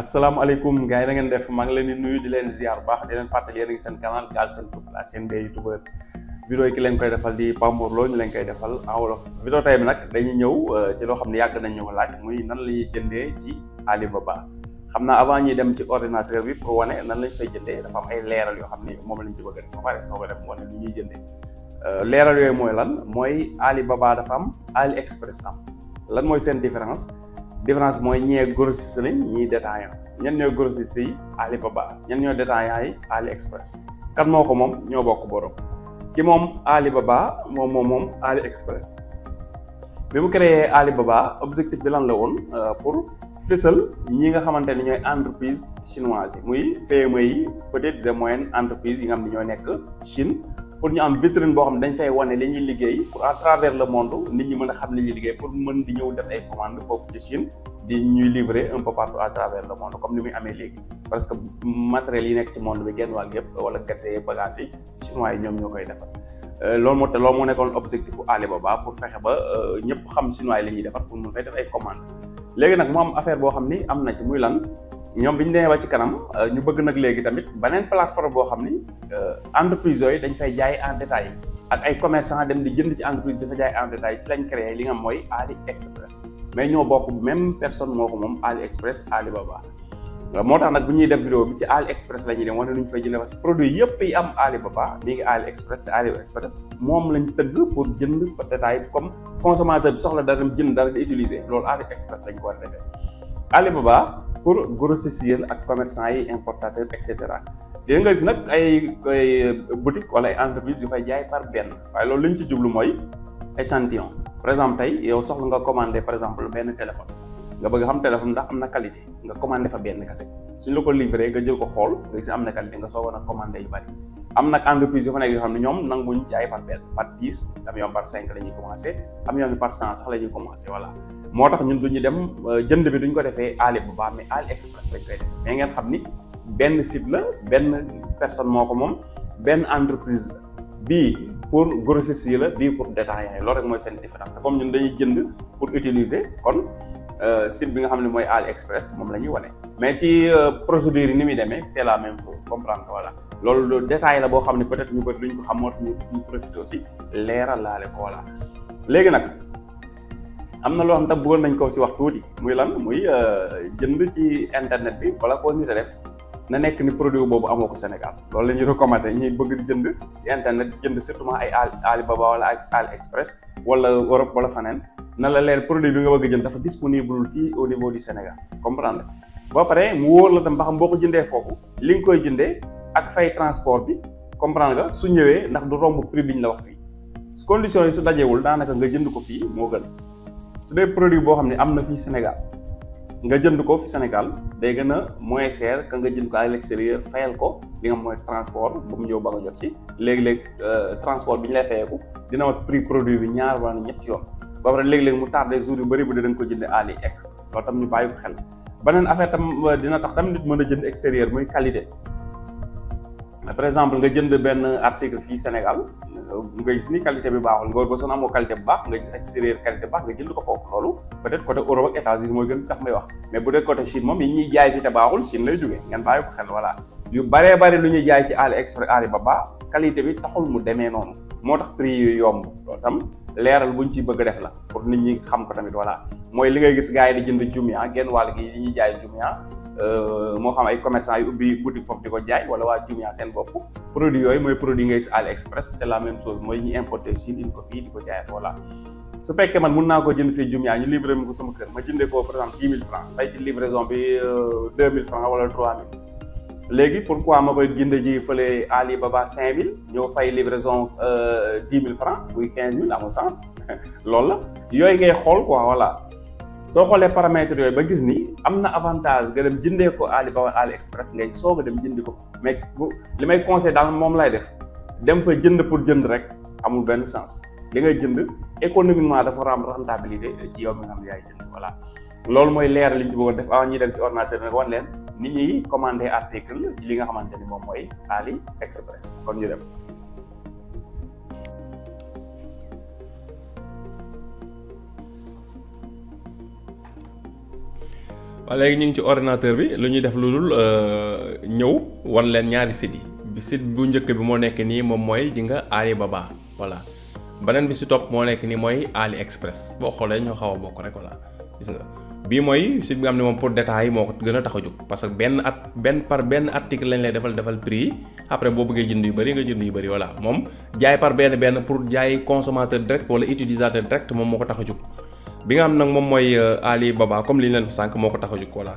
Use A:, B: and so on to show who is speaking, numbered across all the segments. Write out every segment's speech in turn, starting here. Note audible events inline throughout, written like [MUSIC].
A: asalaamaaleykum gars yi na ngeen def maa ngi leen di nuyu di leen ziar baax di leen fàttali yéen a ngi seen canal Galsen yi ki leen koy defal di Pambour Lo ñu leen koy defal en wolof vidéo tey bi nag ñëw euh, ci loo xam ne yàgg nañ ñu ko laaj muy nan la ñuy jëndee ci Alibaba xam naa avant ñuy dem ci ordinateur bi pour wane nan lañ fay jëndee am ay leeral yoo xam ne moom lañ ci bëgg def ba pare soo ko def wane li ñuy jëndee euh, leeral mooy lan mooy Alibaba dafa am AliExpress am lan mooy seen différence différence mooy ñee grossiste lañ ñii détaillant ñan ñooy grossiste yi Alibaba ñan ñooy détaillant yi AliExpress kan moo ko moom ñoo bokk borom ki moom Alibaba moom moom moom AliExpress bi mu créé Alibaba objectif bi lan la woon euh, pour fësal ñi nga xamante ni ñooy entreprise chinoise yi muy PME yi peut-être des moyennes entreprises yi nga xam ne ñoo nekk Chine pour ñu am vitrine boo xam ne dañ fay wane li ñuy liggéey pour à travers le monde nit ñi mën a xam li ñuy liggéey pour mën di ñëw def ay commandes foofu ci Chine di ñuy livrer un peu partout le monde comme ni muy amee léegi parce que matériel yi nekk ci monde bi genn wàll yëpp wala gerte bagages yi chinois yi ñoom ñoo koy defar. Euh, loolu moo te loolu moo nekkoon objectif u Alibaba pour fexe ba euh, ñëpp xam chinois yi li ñuy defar pour mun fay def ay commandes léegi nag mu affaire boo xam ni am na ci muy lan. ñoom bi ñu demee ba ci kanam euh, ñu bëgg nag léegi tamit beneen plateforme boo xam ni euh, entreprise yooyu dañ fay jaay en détail ak ay commerçant dem di jënd ci entreprise dafa jaay en détail ci lañ li nga mooy Ali Express mais ñoo bokk même personne moo ko moom Ali Express Alibaba euh, moo tax nag bu ñuy def vidéo bi ci Ali Express la ñuy dem wane lu ñu fay jëndee parce que produit yëpp yi am Alibaba mi ngi Ali Express te Ali Express moom lañ tëgg pour jënd détail comme consommateur bi soxla dara dem jënd dal di utiliser loolu Ali Express lañ ko war a pour grossistes yi ak commerçant yi importateurs et cetera léegi nga gis nag ay ay boutique wala ay entreprise yu fay jaay par benn waaye loolu li ñu ci jublu mooy échantillon par exemple tey yow soxla nga commander par exemple benn téléphone. nga bëgg xam téléphone ndax am na qualité nga commandé fa benn kase suñ la ko livré nga jël ko xool nga gis am na qualité nga soogoon a commandé yu bari am nag entreprise yu fa nekk yoo xam ne ñoom nanguñ jaay par benn la ñuy commencé am yoon par cent sax la ñuy commencé voilà moo tax ñun duñu dem euh, jënd bi duñ ko defee Ali bu baax mais Ali Express xam ni benn site la benn personne moo ko moom benn entreprise bii pour grossiste yi la bii pour détaillant yi loolu rek mooy seen différence te comme ñun dañuy jënd pour utiliser kon Euh, site bi nga xam ne mooy AliExpress moom la ñuy wane mais ci euh, procédure yi ni muy demee c'est la même chose comprendre nga voilà loolu détail la boo xam ne peut-être ñu bëri lu ñu ko xam moo tax ñu profité aussi leeral laale ko voilà léegi nag am na loo xam tam bëggoon nañ ko si wax tuuti muy lan muy euh, jënd ci internet bi wala ko nit a def na nekk ni produit boobu amoo ko Sénégal loolu la ñuy recommandé ñuy bëgg di jënd ci internet jënd surtout ay Ali Alibaba wala AliExpress wala Europe wala faneen na la leer produit bi nga bëgg a jënd dafa disponible fii au niveau du Sénégal comprendre boo paree mu wóor la tam ba xam boo ko jëndee foofu li nga koy jëndee ak fay transport bi comprendre nga su ñëwee ndax du romb prix bi ñu la wax fii conditions yi su dajewul daanaka nga jënd ko fii moo gën su dee produit boo xam ne am na fii Sénégal nga jënd ko fi Sénégal day gën a moins cher que nga jënd ko à l'extérieur fayal ko li nga mooy transport ba mu ñëw ba nga jot si léegi-léegi euh, transport bi ñu dina wat produit bi ñaar wala ñetti yoon ba pare léeg-léeg mu tardé jours yu bëri bu dee da nga ko jënd Ali Express loolu tam ñu bàyyi ko xel beneen affaire euh, par exemple nga jënd benn article fii Sénégal euh, nga gis ni qualité bi baaxul nga ba son amoo qualité bu baax nga gis extérieur qualité bu baax jënd ko foofu loolu peut-être côté Europe ak États-Unis mooy gën tax may wax mais bu dee côté Chine moom yi ñuy jaay fi te baaxul Chine lay jógee ngeen bàyyi ko xel voilà yu baree bari lu ñuy jaay ci Ali Express Ali Baba qualité bi taxul mu demee noonu moo tax prix yu yomb loolu tam leeral buñ ci bëgg def la pour nit ñi xam ko tamit voilà mooy li ngay gis gars yi di jënd Jumia genn wàll gi li ñuy jaay Jumia euh, moo xam ay commerçant yu ubbi boutique foofu di ko jaay wala waa Jumia seen bopp produit yooyu mooy produit ngay gis AliExpress c'est la même chose mooy ñi importé Chine indi ko fii di ko jaayaat voilà su fekkee man mun naa koo jënd fii Jumia ñu livré ma ko sama kër ma jëndee ko par exemple dix mille francs fay léegi pourquoi ma koy jënd ji fële Alibaba 5000 ñoo fay libraison 10 euh, 000 francs muy 15 000 amul sens [LAUGHS] loolu la yooyu ngay xool quoi voilà soo xoolee paramètres yooyu ba gis ni am na avantage nga dem jëndee ko Alibaba AliExpress ngay soog a dem jënd ko mais li may conseil daal moom lay def dem fa jënd pour jënd rek amul benn sens li ngay jënd économiquement dafa rentabilité ci yow mi nga xam ne yaay jënd voilà loolu mooy leeral liñ ci bëggoon def dem ci ordinateur bi nag leen. ni ñuy commandé article li nga xamante ni moom mooy Ali Express kon ñu dem. waaw léegi ñu ngi ci ordinateur bi lu ñuy def lu dul euh, ñëw wan leen ñaari site yi bi bu njëkk bi moo nekk nii moom mooy ji nga Alibaba voilà beneen bi si topp moo nekk nii mooy Ali Express boo xoolee ñu xaw a bokk rek voilà gis nga. bii mooy si bi nga xam ne moom pour détails yi moo ko gën a tax a jóg parce que benn at benn par benn article lañ lay defal defal prix yi après boo bëggee jënd yu bëri nga jënd yu bëri voilà moom jaay par benn benn pour jaay consommateur direct wala utilisateur direct moom moo ko tax a jóg bi nga xam nag moom mooy euh, Ali Baba comme li ñu leen ko moo ko tax a jóg voilà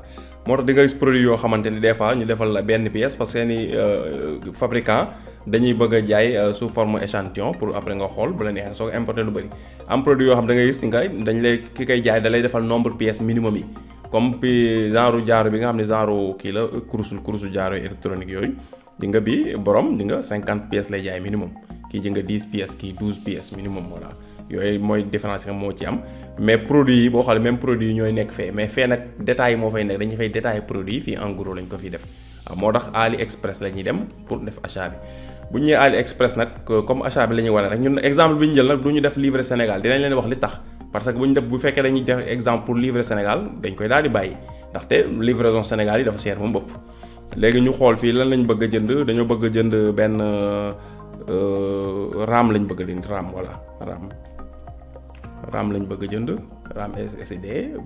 A: moo tax di nga gis yoo xamante ni des fois ñu defal la benn pièce parce que seeni euh, fabricant dañuy bëgg jaay euh, su forme échantillon pour après nga xool bu la neexee soo ko importé lu bëri am produit yoo xam da ngay gis nga dañ lay ki koy jaay da defal nombre pièce minimum yi comme pi genre jaaro bi nga xam ne genre kii la kurusu kurusu jaaro électronique yooyu di nga bi borom di nga cinquante pièces lay jaay minimum kii di nga dix ki kii douze pièces minimum voilà yooyu mooy différence nga moo ci am mais produit yi boo xoolee même produit yi nekk fee mais fee nag détail moo fay nekk dañu fay détail produit yi fii en gros lañ ko fi def ah, moo tax la ñuy dem pour def achat bu ñu ñëwee AliExpress nag comme achat bi la ñuy wane rek ñun exemple bi ñu jël nag du ñu def livrer Sénégal dinañ leen wax li tax parce que bu ñu def bu fekkee dañuy def exemple pour livrer Sénégal dañ koy daal di bàyyi ndaxte livraison Sénégal yi dafa seer moom bopp léegi ñu xool fii lan lañu bëgg a jënd dañoo bëgg a jënd benn euh, RAM lañ bëgg a jënd RAM voilà RAM lañ bëgg jënd RAM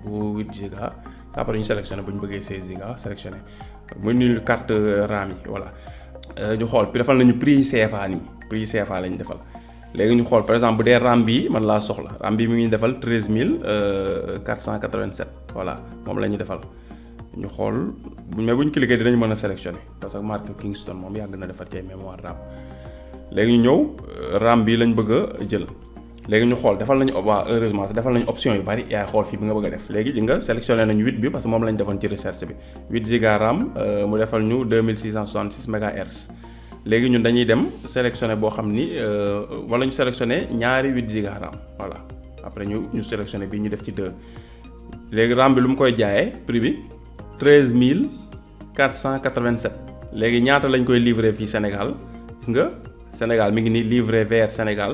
A: bu 8 giga après ñu sélectionné bu ñu bëggee 16 nga sélectionné mu nul carte euh, raam yi voilà. Euh, ñu xool defal nañu prix CFA nii prix CFA lañu defal léegi ñu xool par exemple bu dee RAM bi man laa soxla RAM bi mi ngi defal treize mille euh, quatre cent quatre vingt sept voilà moom la ñu defal ñu xool mais bu ñu cliquer dinañ mën a sélectionner parce que marque Kingston moom yàgg na defar ci ay mémoire RAM léegi ñu ñëw euh, RAM bi lañu bëgg a jël. léegi ñu xool defal nañu waa heureusement defal nañu option yu bari yaay xool fii bi nga bëgg a def léegi di nga sélectionné nañu 8 bi parce que moom lañ defoon ci recherche bi 8 giga RAM euh, mu defal ñu 2666 mégahertz léegi ñun dañuy dem sélectionné boo xam ni euh, wala ñu sélectionné ñaari 8 giga RAM voilà après ñu ñu sélectionné bi ñu def ci 2 léegi RAM bi lu mu koy jaayee prix bi 13487 léegi ñaata lañ koy livré fii Sénégal gis nga Sénégal mi ngi nii livré vers Sénégal.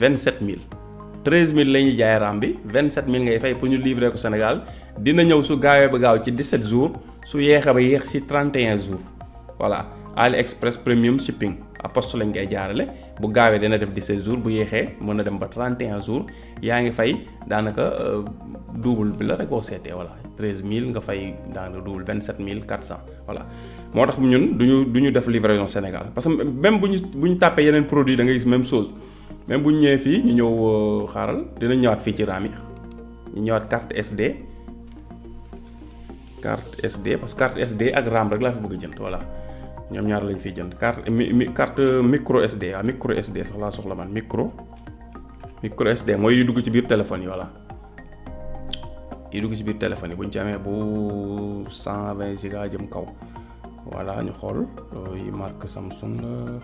A: 27000 13000 la ñuy jaay raam bi 27000 ngay fay pour ñu livrer ko Sénégal dina ñëw su gaawee ba gaaw ci 17 jours su yeexee ba yéex ci 31 jours voilà AliExpress premium shipping aposte lañ koy jaarale bu gaawee dina def 17 jours bu yéexee mën a dem ba 31 jours yaa ngi fay daanaka euh, double bi la rek boo wala voilà mille nga fay daanaka double 27400 voilà. moo tax ñun du ñu du ñu def livraison Sénégal parce que même bu ñu bu ñu tàppee yeneen produit da ngay gis même bu ñu ñëwee fii ñëw euh, xaaral dinañ ñëwaat fii ci raam yi ñu ñëwaat carte SD carte SD parce que carte SD ak raam rek laa fi bëgg jënd voilà ñoom ñaar lañ fi jënd carte mi carte euh, micro SD micro SD sax laa soxla man micro micro mooy yu dugg ci biir téléphone yi voilà yu dugg ci biir téléphone yi bu ñu ci amee bu cent jëm kaw voilà ñu xool yi marque Samsung euh,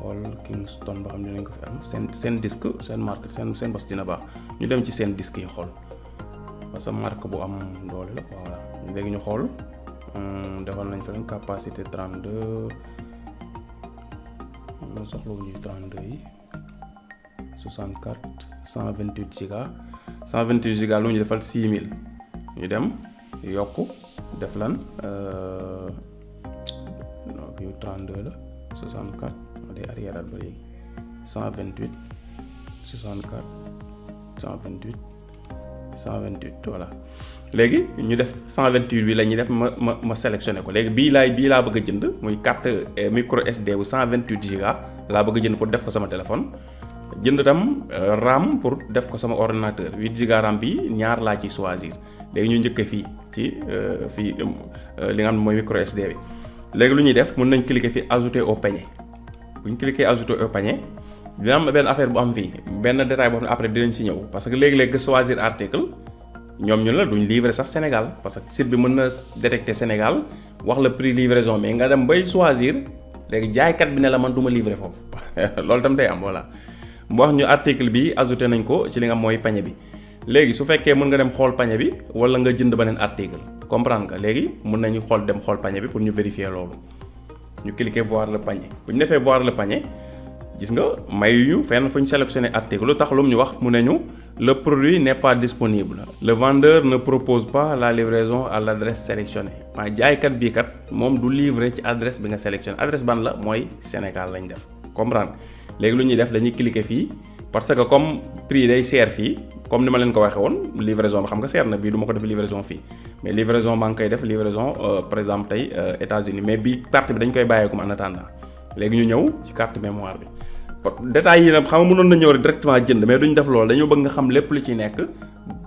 A: xool Kingston ba xam dinañ ko fi am seen seen disque seen marque seen seen bos dina baax ñu dem ci seen disque yi xool parce que marque bu am doole la voilà léegi ñu xool hmm, defal nañ fa leen capacité 32 soxlawuñu 32 yi 64 128 giga 128 giga lu ñu defal 6000 ñu dem yokk def lan 32 euh, la 64 day arrière at ba léegi 128 64 128 128 voilà léegi ñu def cent 128 bi la ñuy def ma ma ma sélectionné ko léegi bii laay bii laa bëgg jënd muy carte eh, micro SD bu 128 giga laa bëgg jënd pour def ko sama téléphone jënd tam euh, RAM pour def ko sama ordinateur 8 giga RAM bi ñaar laa ci choisir léegi ñu njëkk fii ci euh, fii euh, li nga xam mooy microsd SD bi léegi lu ñuy def mën nañ cliquer fi ajouter au bu ñu cliquer ajouter au dina am benn affaire bu am fii benn détail boo xam ne après dinañ si ñëw parce que léegi-léegi choisir article ñoom ñu la duñ livrer sax Sénégal parce que site bi mën na détecter Sénégal wax la prix livraison mais nga dem bay choisir léegi jaaykat bi ne la man duma ma livrer foofu [LAUGHS] loolu tam day am voilà mu wax ñu article bi ajouté nañ ko ci li nga mooy pañe bi léegi su fekkee mën nga dem xool pañe bi wala nga jënd beneen article comprendre nga léegi mën nañu xool dem xool panier bi pour ñu vérifier loolu ñu cliquer voir le panier bu ñu defee voir le panier gis nga mayuñu fen fu ñu sélectionné article lu tax lu ñu wax mu ne ñu le produit n'est disponible le vendeur ne propose pas la livraison à l'adresse sélectionnée maa jaaykat bii kat moom du livrer ci adresse bi nga sélectionné adresse ban la mooy Sénégal lañ def comprendre léegi lu ñuy def dañuy cliquer fii parce que comme prix day seer fii comme ni ma leen ko waxee woon livraison bi xam nga seer na bii du ma ko def livraison fii mais livraison maa ngi koy def livraison euh, par exemple tey euh, États-Unis mais bii carte bi dañ koy bàyyeekum en attendant léegi ñu ñëw ci carte mémoire bi. détails yi nag xam nga mënoon na ñëw rek directement jënd mais duñ def loolu dañoo bëgg nga xam lépp lu ci nekk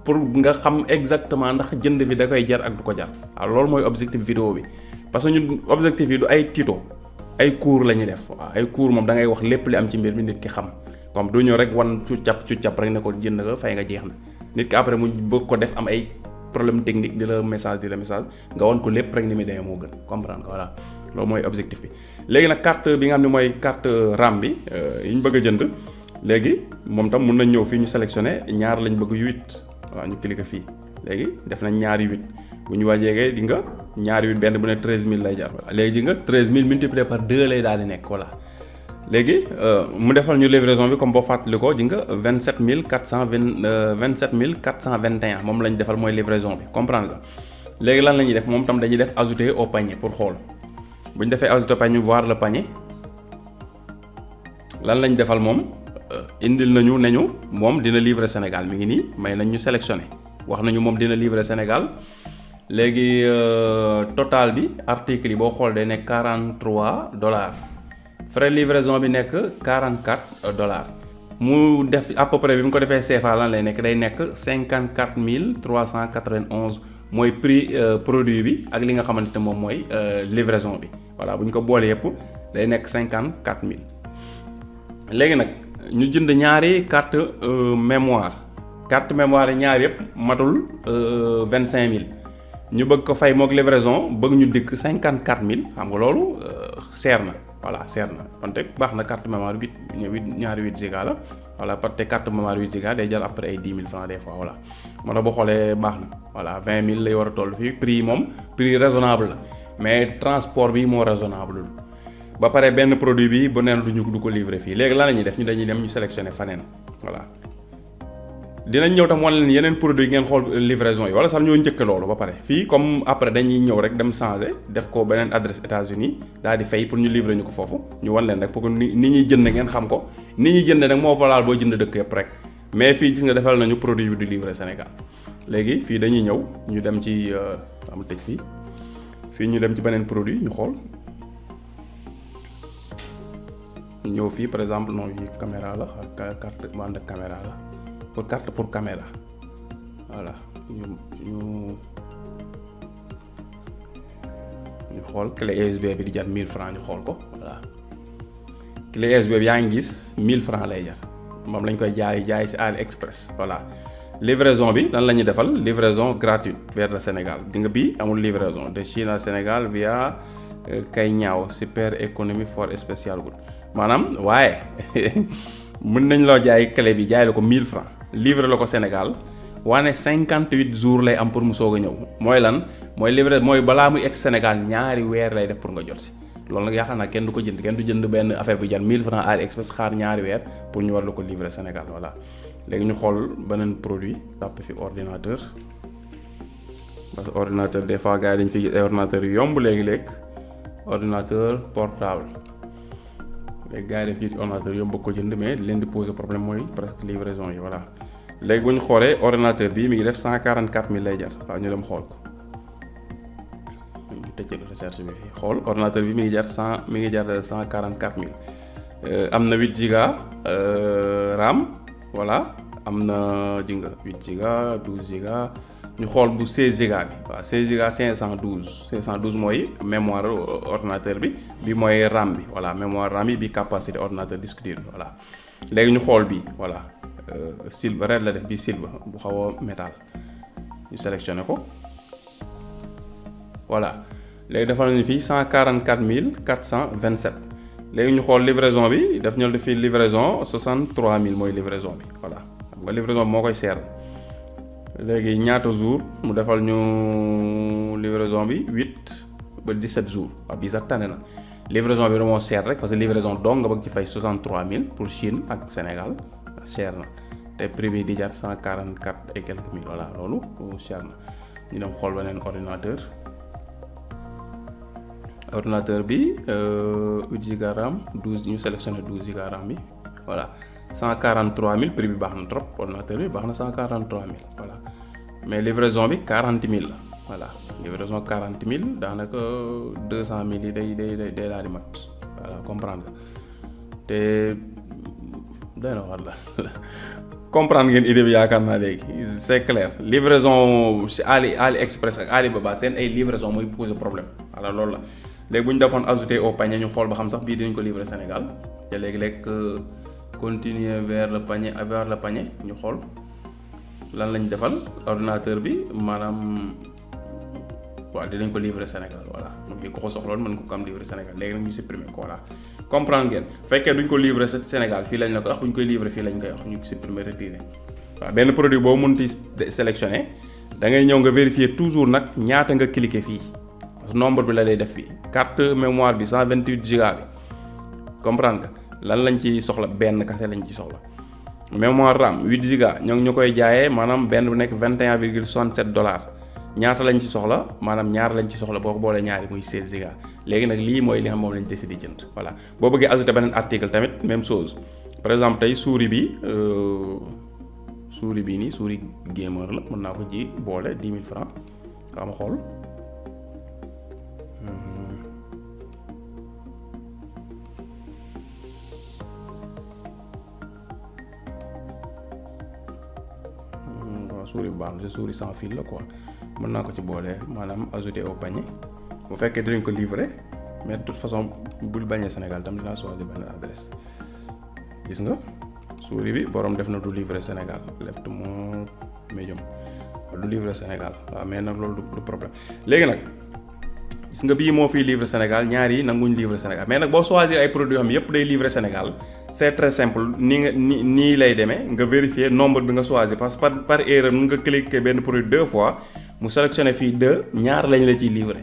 A: pour nga xam exactement ndax jënd bi da koy jar ak du ko jar waaw loolu mooy objectif vidéo bi parce que ñun objectif yi du ay tuto ay cours la ñuy def waaw ay cours moom da ngay wax lépp li am ci mbir mi nit ki xam. comme du ñëw rek wan cuccap cuccap rek ne ko jënd nga fay nga jeex na nit ki après mu bëgg ko def am ay problème technique di la message di la message nga wan ko lépp rek ni muy demee moo gën comprendre nga voilà loolu mooy objectif bi. léegi bi nga xam ne mooy carte RAM bi euh, yi ñu bëgg jënd léegi moom tam mun na ñëw fi ñu sélectionné ñaar lañ bëgg yu huit waaw ñu cliquer fii léegi def na ñaari huit bu ñu wàññeekee di nga ñaari huit benn bu ne treize mille lay jar léegi di nga treize mille multiplié par deux lay daal nekk voilà. léegi euh, mu defal ñu livraison bi comme boo fàttali ko ji nga vingt sept mille quatre cent vingt euh, vingt sept mille quatre cent vingt et un moom la ñu defal mooy livraison bi comprendre nga léegi lan lañuy ñuy def moom tam dañuy def ajouter au panier pour xool bu ñu defee ajouter au panier voir lan lañu defal moom euh, indil nañu nañu moom dina livrer Sénégal mi ngi nii may nañ ñu sélectionné wax nañu moom dina livrer Sénégal léegi total bi article yi boo xool day nekk quarante trois dollars. frais livraison bi nekk 44 dollars mu def à peu près bi mu ko defee CFA lan lay nekk day nekk 54 391 mooy prix euh, produit bi ak li nga xamante ne moom mooy euh, livraison bi voilà bu ko boolee yëpp day nekk 54 000 léegi nag ñu jënd ñaari carte euh, mémoire carte mémoire yi ñaar yëpp matul vingt cinq mille ñu bëgg ko fay moog livraison bëgg ñu dikk cinquante mille xam nga loolu cher na. voilà seer na donte baax na carte mémoire huit huit ñaari huit giga la voilà parce que carte mémoire huit giga day jar après ay dix mille francs des fois voilà moo tax boo xoolee baax na voilà vingt mille lay war a toll fii prix yi moom prix raisonnable la mais transport bi moo raisonnable lu ba pare benn produit bi bu neen du ñu du ko livrer fii léegi lan la ñuy def ñu dañuy dem ñu sélectionner faneen voilà dinañ ñëw tam wan leen yeneen produit ngeen xool livraison yi wala sax ñoo njëkk loolu ba pare fii comme après dañuy ñëw rek dem changer def ko beneen adresse États-Unis daal di fay pour ñu livrer ñu ko foofu ñu wan leen rek pour ko ni ni ñuy jënd ngeen xam ko ni ñuy jënd nag moo valable boo jënd dëkk yëpp rek mais fii gis nga defal nañu produit bi di livrer Sénégal léegi fii dañuy ñëw ñu dem ci euh, am tëj fii fii ñu dem ci beneen produit ñu xool ñëw fii par exemple non yi ak carte bande caméra la pour carte pour caméra voilà ñu ñu ñu xool clé USB bi di jar mille francs ñu xool ko voilà clé USB bi yaa ngi gis 1000 francs lay jar moom lañ koy jaay jaay ci AliExpress voilà livraison bi lan la ñuy defal livraison gratuite vers le Sénégal di bi amul livraison de Chine à Sénégal via kay eh, ñaaw super économie for spécial good maanaam waaye [LAUGHS] mën nañ loo jaay clé bi jaay la ko mille francs livré la ko Sénégal waane cinquante huit jours lay am pour mu soog a ñëw mooy lan mooy livré mooy balaa muy egg Sénégal ñaari weer lay def pour nga jot si loolu nag yaakaar naa kenn du ko jënd kenn du jënd benn affaire bu jar 1000 francs AliExpress xaar ñaari weer pour ñu war la ko livrer Sénégal voilà léegi ñu xool beneen produit tàpp fi ordinateur parce que ordinateur des fois gars dañ fi gis ay ordinateur yomb léegi-léeg ordinateur portable léegi gars yi dañ fi ordinateur yomb ko jënd mais leen di problème mooy presque livraison léegi bu ñu xoolee ordinateur bi mi ngi def cent quarante quatre mille lay jar waaw ñu dem xool ko ñu tëjee recherche bi fii xool ordinateur bi mi ngi jar cent mi ngi jar cent quarante quatre mille euh, am na huit giga euh, RAM voilà am na ji nga huit giga douze giga ñu xool bu seize giga bi waaw seize giga cinq cent douze cinq cent douze mooy mémoire euh, ordinateur bi bi mooy RAM bi voilà mémoire RAM yi bi capacité ordinateur disque dur voilà léegi ñu xool bi voilà. Euh, silba red la def bii silba bu xaw a métal ñu ko voilà léegi defal nañu fii cent quarante quatre mille quatre cent vingt sept léegi ñu xool livraison bi daf ñëw def fii livraison soixante trois mille mooy livraison bi voilà xam nga livraison bi moo koy seer léegi ñaata jour mu defal ñu livraison bi huit ba dix sept jours waaw bii sax tane na livraison bi damoo seer rek parce que livraison dong nga bëgg ci fay soixante trois mille pour Chine ak Sénégal. cher na te privé di jaar cent quarante quatre et quelques mille voilà loolu cher na ñu dem xool beneen ordinateur ordinateur bi euh, huit giga ram douze ñu sélectionné douze giga ram bi voilà cent quarante trois mille prix bi baax na trop ordinateur bi baax na cent quarante trois mille voilà mais livraison bi quarante mille la voilà livraison quarante mille daanaka euh, deux cent mille yi day day day daal di mat voilà comprendre te. doy na war la comprendre ngeen idée bi yaakaar naa léegi c'est clair livraison si Ali Ali Express ak Alibaba seen ay livraison mooy poser problème alors loolu la léegi bu ñu defoon ajouter au panier ñu xool ba xam sax bii dinañ ko livrer Sénégal te léegi lekk continuer vers le panier vers le panier ñu xool lan lañ defal ordinateur bi maanaam. waa dinañ ko livrer Sénégal voilà moom ñi ko ko soxloon mën ko ko am Sénégal léegi nag ñu supprimer ko voilà comprendre ngeen fekkee duñ ko livrer Sénégal fii lañ la ko wax buñ koy livrer fii lañ koy wax benn produit boo mënti sélectionné da ngay ñëw nga vérifier toujours nag ñaata nga cliquer fii parce nombre bi la lay def fii carte mémoire bi 128 giga bi comprendre nga lan lañ ci soxla benn kase lañ ci soxla mémoire RAM 8 giga ñoo ngi ñu koy jaayee maanaam benn bu nekk 21 virgule 67 dollars ñaata lañ ci soxla maanaam ñaar lañ ci soxla boo ko boolee ñaari muy 16 giga léegi nag lii mooy li xam moom lañ décidé jënd voilà boo bëggee ajouté beneen article tamit même chose par exemple tey souris bi euh, suuri bi nii souris gamer la mën naa ko ji boole dix 000 francs nga ma xool suur bu baax na sa suuri sans fil la quoi mën naa ko ci boolee maanaam ajouter au panier bu fekkee dinañ ko livrer mais de façon bu bañee Sénégal tam dinaa choisir benn adresse gis nga suuri bi borom def na du livrer Sénégal left moo médium du livrer Sénégal waaw mais nag loolu du problème léegi nag gis nga bii moo fiy livrer Sénégal ñaar yi nanguñ livrer Sénégal mais nag boo choisir ay produits yoo xam yëpp day livrer Sénégal c'est très simple nii nga nii nii lay demee nga vérifier nombre bi nga choisir parce que par par erreur nga cliquer benn produit deux fois mu sélectionné fii deux ñaar lañ la ciy livré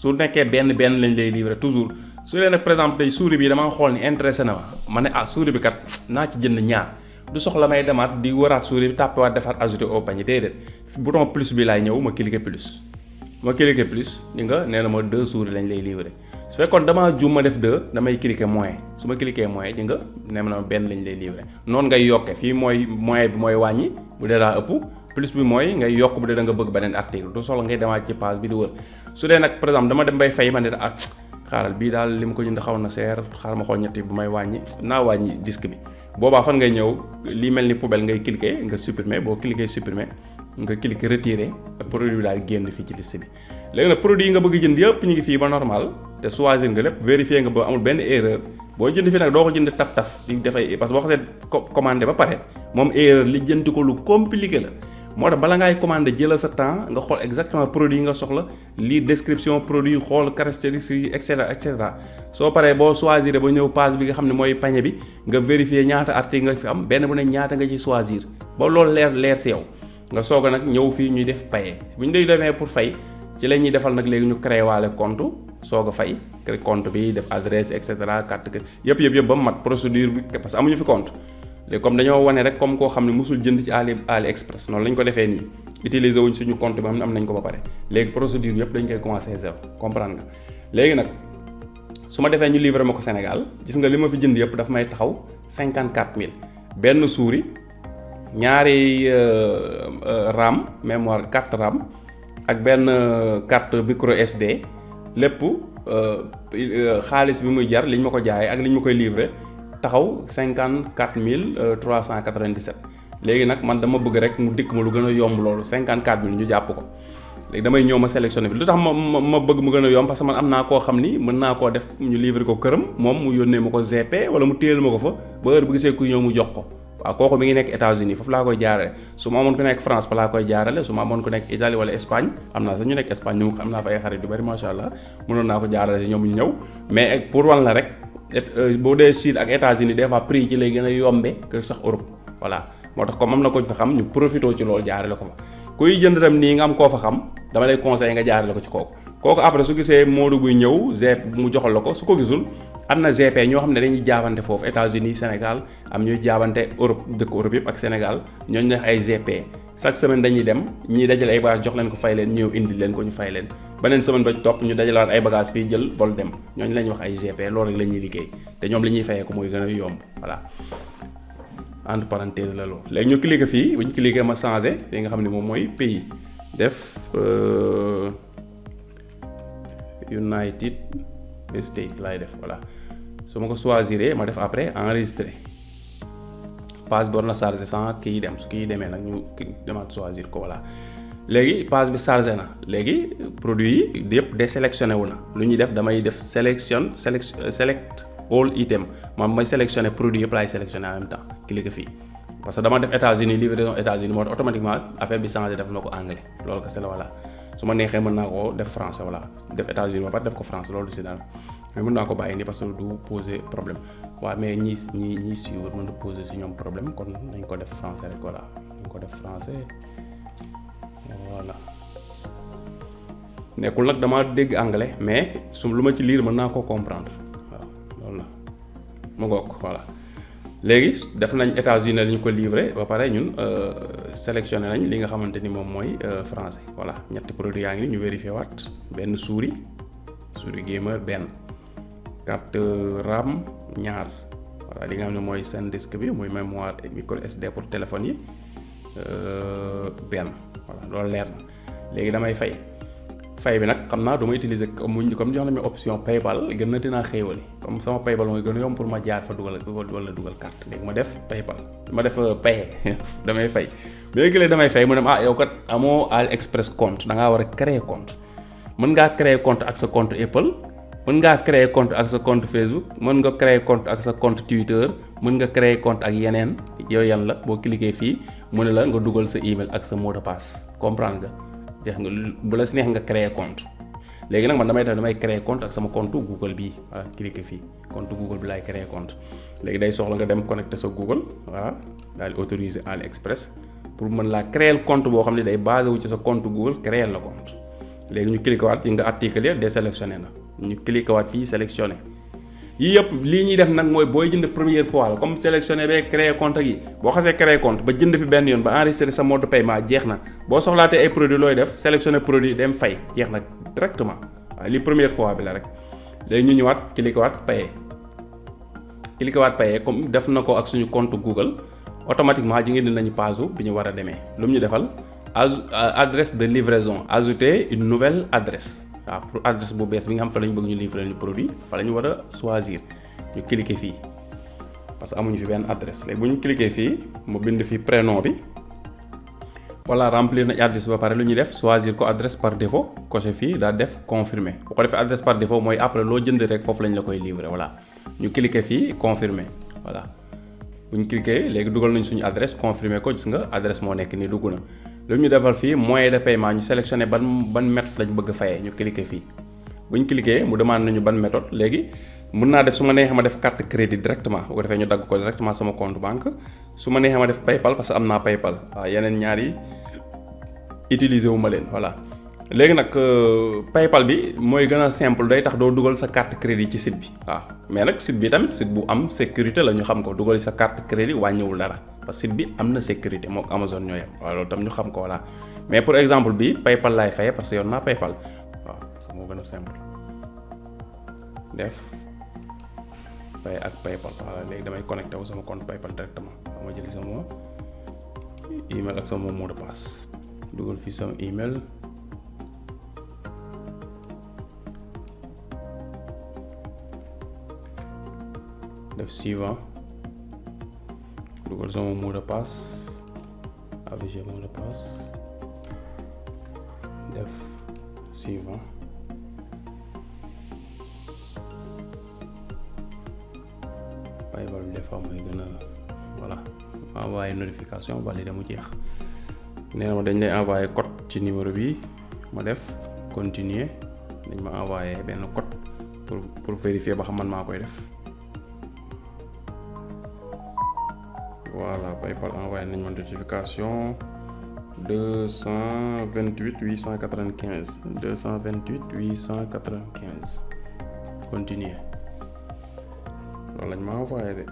A: su nekkee benn benn lañ lay livré toujours su dee nag par exemple tey souris bi damaa xool ni intéressé na ma ma ne ah souris bi kat naa ci jënd ñaar du soxla may demaat di waraat souris bi tàppewaat defaat ajouté au panier déedéet bouton plus bi laay ñëw ma cliquer plus ma cliquer plus di nga nee na ma deux souris lañ lay livré. su fekkoon damaa juum ma def deux damay cliquer moins su ma cliquer moins di nga ne ma benn lañu lay livré noonu ngay yokke fii mooy moins bi mooy wàññi bu dee daa ëpp plus bi mooy ngay yokk bu dee da nga bëgg beneen article du soxla ngay demaat ci page bi di wër su dee nag par exemple dama dem bay fay ma ne ah xaaral bii daal li ma ko jënd xaw na seer xaaral ma xool ñetti bu may wàññi naa wàññi disque bi boobaa fan ngay ñëw lii mel ni poubelle ngay cliquer nga supprimer boo cliquer supprimer nga cliquer retirer produit bi daal génn fii ci liste bi léegi nag produit yi nga bëgg jënd yëpp ñu ngi fii ba normal te choisir nga lépp vérifier nga ba amul benn erreur boo jënd fii nag doo ko jënd taf taf di dafay parce que boo xasee commandé ba pare moom erreur li jënti ko lu compliqué la moo tax bala ngay commandé jëlal sa temps nga xool exactement produit yi nga soxla lii description produit xool caractéristiques yi et cetera soo paree boo choisir ba ñëw page bi nga xam ne mooy pañe bi nga vérifier ñaata article nga fi am benn bu ne ñaata nga ci choisir ba loolu leer leer si yow nga soog a nag ñëw fii ñuy def paye bu ñu dee pour fay ci la ñuy defal nag léegi ñu créé waale compte soog a fay compte bi def adresse et cetera carte yëpp yëpp yëpp ba mu mat procédure bi parce que amuñu fi compte léegi comme dañoo wane rek comme koo xam ne mosul jënd ci Ali Ali Express noonu la ko defee nii utiliser wuñ suñu compte bi am nañ ko ba pare léegi procédure yëpp dañ koy commencé zéro comprendre nga léegi nag su ma defee ñu livré ma ko Sénégal gis nga li ma fi jënd yëpp daf may taxaw cinquante quatre mille benn suuri ñaari euh, euh, RAM mémoire carte RAM. ak benn euh, carte micro SD lépp euh, euh, xaalis bi muy jar li liñ ma ko jaayee ak liñ ma koy livré taxaw cinquante quatre mille trois cent quatre vingt léegi nag man dama bëgg rek mu dikk ma lu gën a yomb loolu cinquante quatre ñu jàpp ko léegi damay ñëw ma sélectionné bi lu tax ma ma bëgg mu gën a yomb parce que man am naa koo xam ni mën naa koo def ñu livré ko këram moom mu yónnee ma ko GP wala mu téyel ma ko fa ba heure bu gisee ku ñëw mu jox ko waaw kooku mi ngi nekk États-Unis foofu laa koy jaarale su ma amoon ku nekk France fa laa koy jaarale su ma amoon ku nekk Italie wala Espagne am naa sax ñu nekk Espagne ñu am naa fa ay xarit yu bari macha allah naa ko jaarale si ñoom ñu ñëw mais pour wàll la rek euh, boo dee Chine ak États-Unis des fois prix ci lay gën a yombe que sax Europe voilà moo tax comme am na ko fa xam ñu profité ci loolu jaarale ko fa kuy jënd tam nii nga am koo fa xam dama lay conseillé nga jaarale ko ci kooku kooku après su gisee Modou buy ñëw Zep mu joxal la ko su ko gisul am na GP ñoo xam ne dañuy jaabante foofu États-Unis Sénégal am ñuy jaabante Europe dëkk Europe yëpp ak Sénégal ñooñu def ay GP chaque semaine dañuy dem ñii dajale ay bagages jox leen ko fay leen ñëw indi leen ko ñu fay leen beneen semaine ba topp ñu dajalaat ay bagages fii jël vol dem ñooñu la wax ay GP loolu rek la ñuy liggéey te ñoom li ñuy fayee ko mooy gën a yomb voilà entre parenthèse la loolu. léegi ñu cliquer fii bu ñu cliquer ma changé li nga xam ne moom mooy pays def euh, mistake laay def voilà su ma ko choisiree ma def après enregistrer page bi war na chargé san kii dem su kii demee nag ñu demaat choisir ko voilà léegi page bi chargé na léegi produit yi yëpp désélectionné wu na lu ñuy def damay def sélection select all item maam may sélectionné produit yëpp laay sélectionné en même temps cliquer fii parce que dama def États-Unis livraison États-Unis moo tax automatiquement affaire bi changé def na ko anglais loolu kese su ma neexee mën naa ko def france voilà def États-Unis ba pare def ko France loolu si daal mais mën naa ko bàyyi nii parce que du poser problème waaw mais ñi ñi ñi suivre mën na poser si ñoom problème kon nañ ko def français rek voilà nañ ko def français voilà nekkul nag damaa dégg anglais mais su lu ma ci liir mën naa koo comprendre waaw loolu la mu ngoog voilà léegi def nañ États-Unis li ñu ko livré ba pare ñun euh, sélectionné nañ li nga xamante ni moom mooy euh, français voilà ñetti produit yaa ngi ni ñu vérifié waat benn souris souris gamer benn carte RAM ñaar voilà li nga xam ne mooy seen disque bi muy mémoire et micro SD pour téléphone yi euh, benn voilà loolu leer na léegi damay fay. fay bi nag xam naa du ma utiliser comme comme jox na ma option paypal gën na dinaa xéewali comme sama paypal mooy gën a yomb pour ma jaar fa dugal wala dugal carte léegi ma def paypal ma def euh, paye [LAUGHS] damay fay bu damay fay mu ne ah yow kat amoo AliExpress compte da war a créer compte mën ngaa créer compte ak sa compte Apple mën ngaa créer compte ak sa compte Facebook mën nga créer compte ak sa compte Twitter mën nga créer compte ak yeneen yooyu yan la boo cliquer fii mu ne la nga dugal sa email ak sa mot de passe comprendre te nga bu la si neex nga créer compte léegi nag man damay def damay créer compte ak sama compte Google bii voilà cliquer fii compte Google bi laay créer compte léegi day soxla nga dem connecté sa Google voilà daal di autoriser AliExpress pour mën laa créer compte boo xam ne day basé wu ci sa compte Google créer la compte léegi ñu cliquer waat yi nga article ya désélectionné na ñu cliquer waat fii sélectionné. yii yëpp lii ñuy def nag mooy booy jënd première fois la comme sélectionné ba créé compte gi boo xasee créé compte ba jënd fi benn yoon ba enregistré sa mode de paiement jeex na boo soxlaatee ay produit looy def sélectionné produit dem fay jeex na directement waaye li première fois bi la rek léegi ñu ñëwaat cliqué waat paye cliqué waat paye comme def na ko ak suñu compte Google automatiquement ji ngi di nañu page bi ñu war a demee lu mu ñu defal adresse de livraison ajouter nouvelle adresse waaw pour adresse bu bees bi nga xam fa lañ bëgg ñu livrer ñu produit fa la ñu war a choisir ñu cliquer fii parce que amuñu fi benn adresse léegi bu ñu cliquer fii mu bind fi fii prénom bi voilà remplir na adresse ba pare lu ñuy def choisir ko adresse par défaut coché fii daal def confirmer bu ko defee adresse par défaut mooy après loo jënd rek foofu lañ la koy livrer voilà ñu cliquer fii confirmer voilà bu ñu cliquer léegi dugal nañ suñu adresse confirmer ko gis nga adresse moo nekk nii dugg na lu ñu defal fii mooy de paiement ñu sélectionné ban ban méthode lañ bëgg a fayee ñu cliqué fii bu ñu mu demande nañu ban méthode léegi mun naa def su ma neexee ma def carte crédit directement bu ko defee ñu dagg ko directement sama compte banque su ma neexee ma def paypal parce que am naa paypal waaw yeneen ñaar yi wu ma leen voilà. léegi nag euh, paypal bi mooy gën a simple day tax doo dugal sa carte crédit ci site bi waaw mais nag site bi tamit site bu am sécurité la ñu xam ko dugal sa carte crédit wàññiwul dara parce que bi am na sécurité mook Amazon ñoo yem waaw loolu tam ñu xam ko voilà mais pour exemple bi paypal laay fayee parce que yoon naa paypal waaw parce que moo gën a simple def pay ak paypal voilà léegi damay connecté wu sama contre paypal directement dama jëli sama email ak sama mot de passe dugal fii sama def suivant dugal e sama mot de passe afficher mot de passe e e def suivant waaye ba def fois mooy gën a voilà notification validé mu jeex nee ma dañ lay envoyé code ci numéro bi ma def continuer dañ ma envoyé benn code pour pour vérifier ba xam man maa koy def. PayPal envoyé nañ ma notification deux cent vingt huit huit cent quatre vingt quinze deux cent vingt huit huit cent quatre vingt quinze continuer loolu lañ ma envoyé de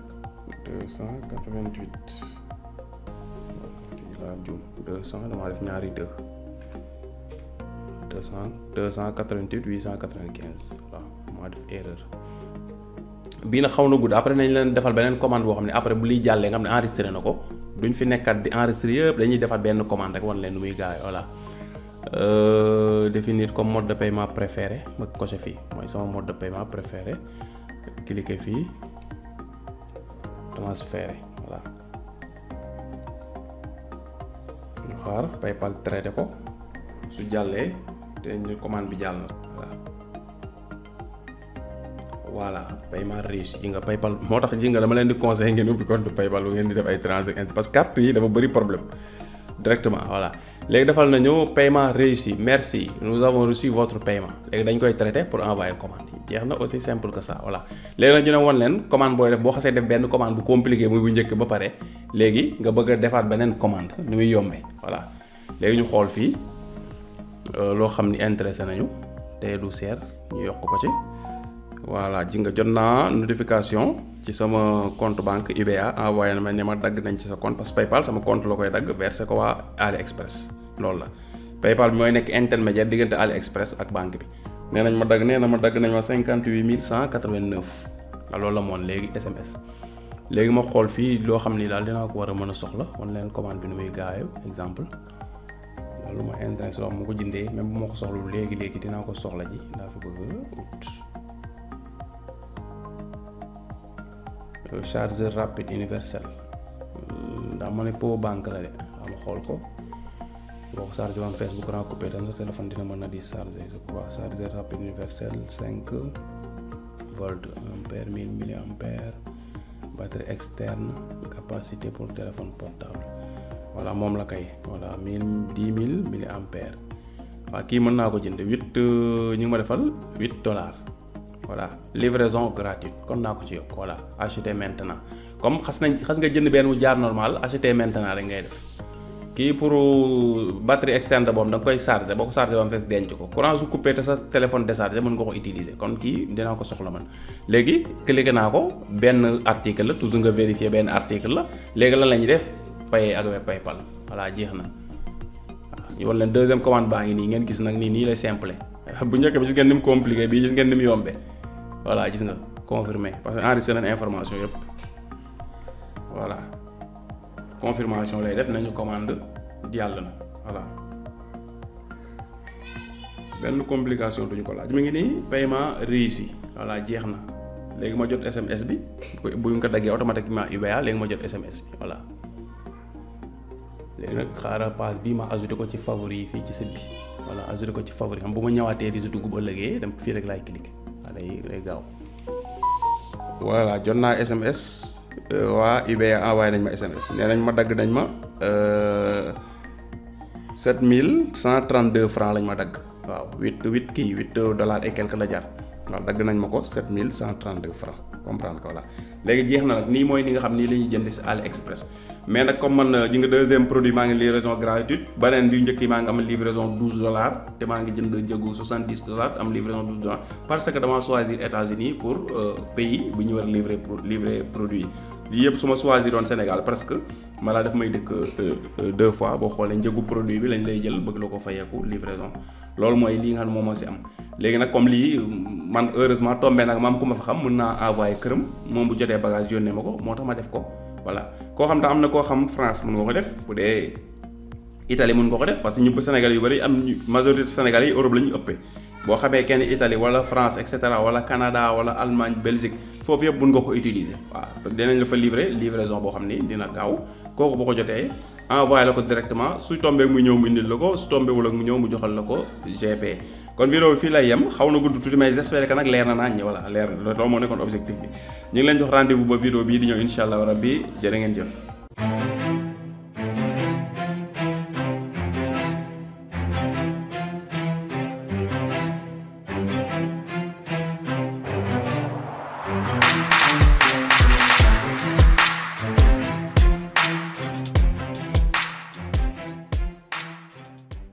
A: deux cent quatre vingt huit fii laa jum deux cent damaa def ñaari deux deux cent deux cent quatre vingt huit huit cent quatre vingt quinze voilà maa def erreur. bii na xaw na gudd après nañ leen defal beneen commande boo xam ne après bu liy jàllee nga xam ne enregistré na ko duñ fi nekkat di enregistré yëpp dañuy defal benn commande rek wan leen nu muy gaawee voilà euh, définir comme mode de paiement préféré ma coché fii mooy sama mode de paiement préféré cliquer fii transféré voilà ñu xaar PayPal traité ko su jàllee te commande bi jàll na voilà paiement riche ji nga paypal moo tax ji nga dama leen di conseil ngeen ubbi compte paypal bu ngeen di def ay transaction parce que carte yi dafa bëri problème directement voilà léegi defal nañu paiement réussi merci nous avons reçu votre paiement léegi dañ koy traité pour envoyer commande jeex na aussi simple que ça voilà léegi nag ñu ne woon leen commande booy def boo xasee def benn commande bu compliqué muy bu njëkk ba pare léegi nga bëgg a beneen commande nu muy yombee voilà léegi ñu xool fii euh, loo xam ni intéressé nañu te du seer ñu yokk ko ci voilà ji nga jot naa notification ci sama compte banque UBA ah, envoyé na ma ne ma dagg nañ ci sa compte parce que PayPal sama compte la koy dagg versé ko waa AliExpress loolu la PayPal bi mooy nekk intermédiaire diggante AliExpress ak banque bi nee nañ ma dagg nee na ma dagg nañ ma cinquante huit mille cent quatre vingt neuf ah, loolu la moon léegi SMS léegi ma xool fii loo xam ni daal dinaa ko war a mën a soxla wan leen commande bi nu muy gaayo exemple loolu ma intéresse loo xam ma ko jëndee même bu ma ko soxla léegi léegi dinaa ko soxla ji daa Euh, chargeur rapide universel mm, ndax ma ne power bank la de am xool ko boo ko chargé ba mu fees coupé tam sa téléphone dina mën na di chargé je crois chargeur rapide universel 5 volt ampère 1000 milliampère batterie externe capacité pour téléphone portable voilà moom la kay voilà 1000 10 000 milliampère waaw kii mën naa ko jënd 8 euh, ñu ma defal 8 dollars voilà livraison gratuite kon naa ko ci yokk voilà acheter maintenant comme xas nañ xas nga jënd benn mu jaar normal acheter maintenant rek ngay def kii pour euh, batterie externe boobu da koy chargé boo ko chargé ba mu fees denc ko courant su coupé te sa téléphone déchargé mën nga ko utiliser kon kii dinaa ko soxla man léegi cliqué naa ko benn article la toujours nga vérifier benn article la léegi lan la ñuy def paye ak web paypal voilà jeex na waaw ñu wan leen deuxième commande baa ngi nii ngeen gis nag nii nii [LAUGHS] bi gis ngeen ni voilà gis nga confirmé parce que enregistré nañ information yëpp voilà confirmation lay def nañu commande yàlla na voilà benn complication duñu ko laaj mi ngi nii paiement réussi voilà jeex na léegi ma jot SMS bi bu ñu ko daggee automatiquement UBA léegi ma jot SMS bi voilà léegi nag xaaral pass bi ma ajouté ko ci favori fii ci site bi voilà ajouté ko ci favori xam bu ma ñëwaatee di si dugg ba ëllëgee dem fii rek laay cliquer day day gaaw. voilà jot naa SMS euh, waa UBA envoyé nañ ma SMS nee nañ ma dagg nañ ma euh, sept mille cent trente deux francs lañ ma dagg waaw huit huit kii huit dollars et quelque la jar waaw dagg nañ ma ko sept mille cent trente deux francs comprendre ko voilà léegi jeex na nag nii mooy ni nga xam nii la ñuy jënd si AliExpress mais nag comme man euh, ji nga deuxième produit maa ngi livraison gratuite beneen bi njëkk yi maa ngi am livraison douze te maa ngi jënd njëgu soixante dix dollars am livraison douze dollars parce que dama choisir États-Unis pour euh, pays bu ñu war a livrer livrer produit lii yëpp su ma choisir doon Sénégal parce que malaa def may dëkk euh, deux fois boo xool xoolee njëgu produit bi lañ lay jël bëgg la ko fayeeku livraison loolu mooy lii nga xam moom moo si am léegi nag comme lii man heureusement tombé nag maam ku ma xam mën naa envoyé këram moom bu jotee bagage yónnee ma ko moo tax ma def ko voilà koo xam te am na koo xam France mën nga ko def bu dee Italie mun nga ko def parce que ñu Sénégal yu bari am majorité Sénégal yi Europe la ñu ëppee boo xamee kenn Italie wala France et cetera wala Canada wala Allemagne Belgique foofu yëpp mun nga ko utiliser waaw dinañ la fa livrer livraison boo xam ni dina gaaw kooku boo ko jotee envoyé la ko directement su tombee mu ñëw mu indil la ko su tombee wala mu ñëw mu joxal la ko GP kon vidéo bi fii lay yem xaw na gudd tuuti mais j'espère que nag leer na naa ñi voilà leer na loolu moo nekkoon objectif bi ñu ngi leen jox rendez-vous ba vidéo bii di ñëw incha allah rabbi jërë ngeen jël